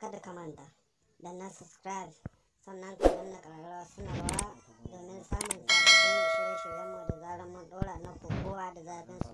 kada ka manta da na subscribe sannan ka danna ƙararrawa sanarwa domin samun sababbin shirye-shiryenmu da zarar mun ɗora na kokowa da zafin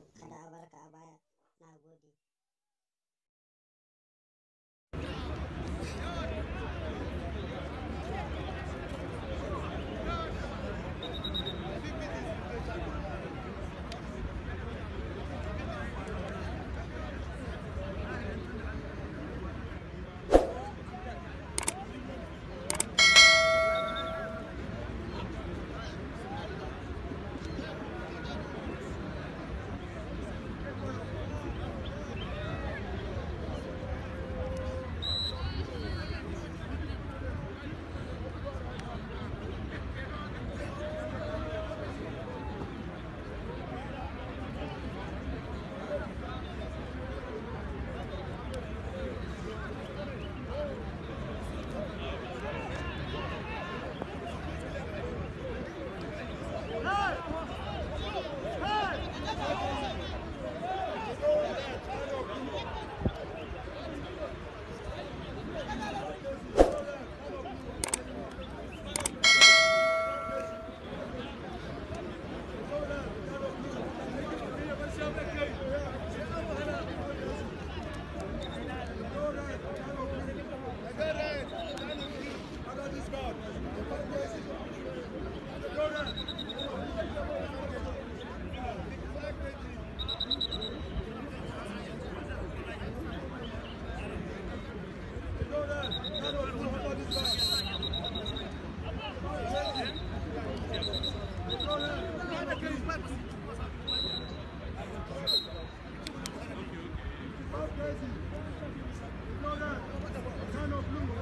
You know that. Son of Blue,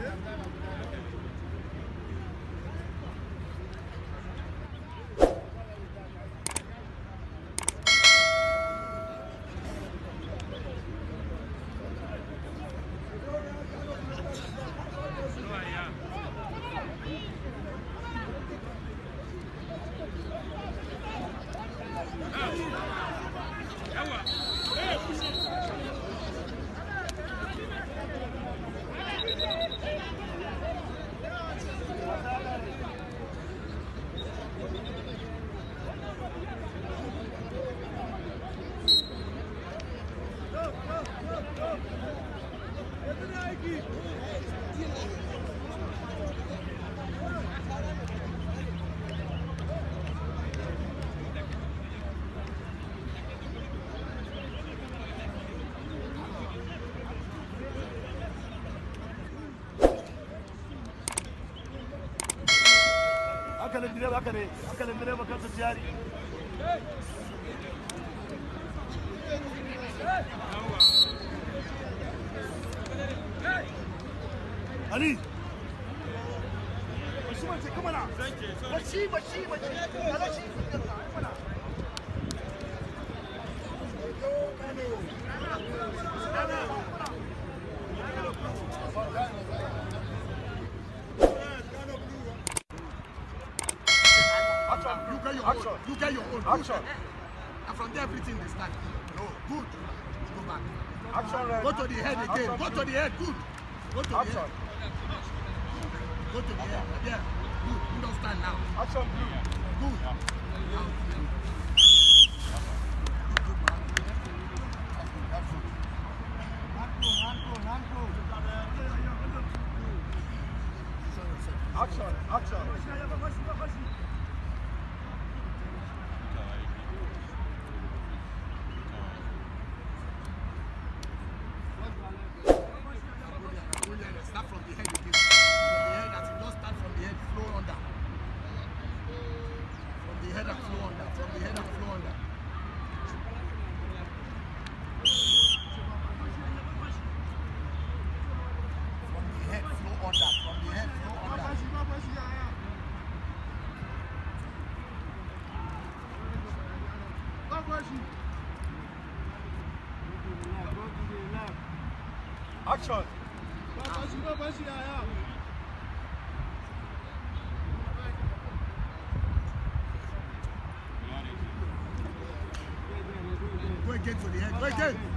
Yeah? hankalin direba haka ne hankalin direba kansa jari Thank you. Ali. You get your Action. own. You get your own. Action. And from there, everything they start. No, good. Go back. Action. Go to the head again. Go to the head. Good. Go to Action. the head. Go to the air. Yeah. Good. You don't stand now. Action blue. Good. Action, action. Action. Quick in for the head. Quick in.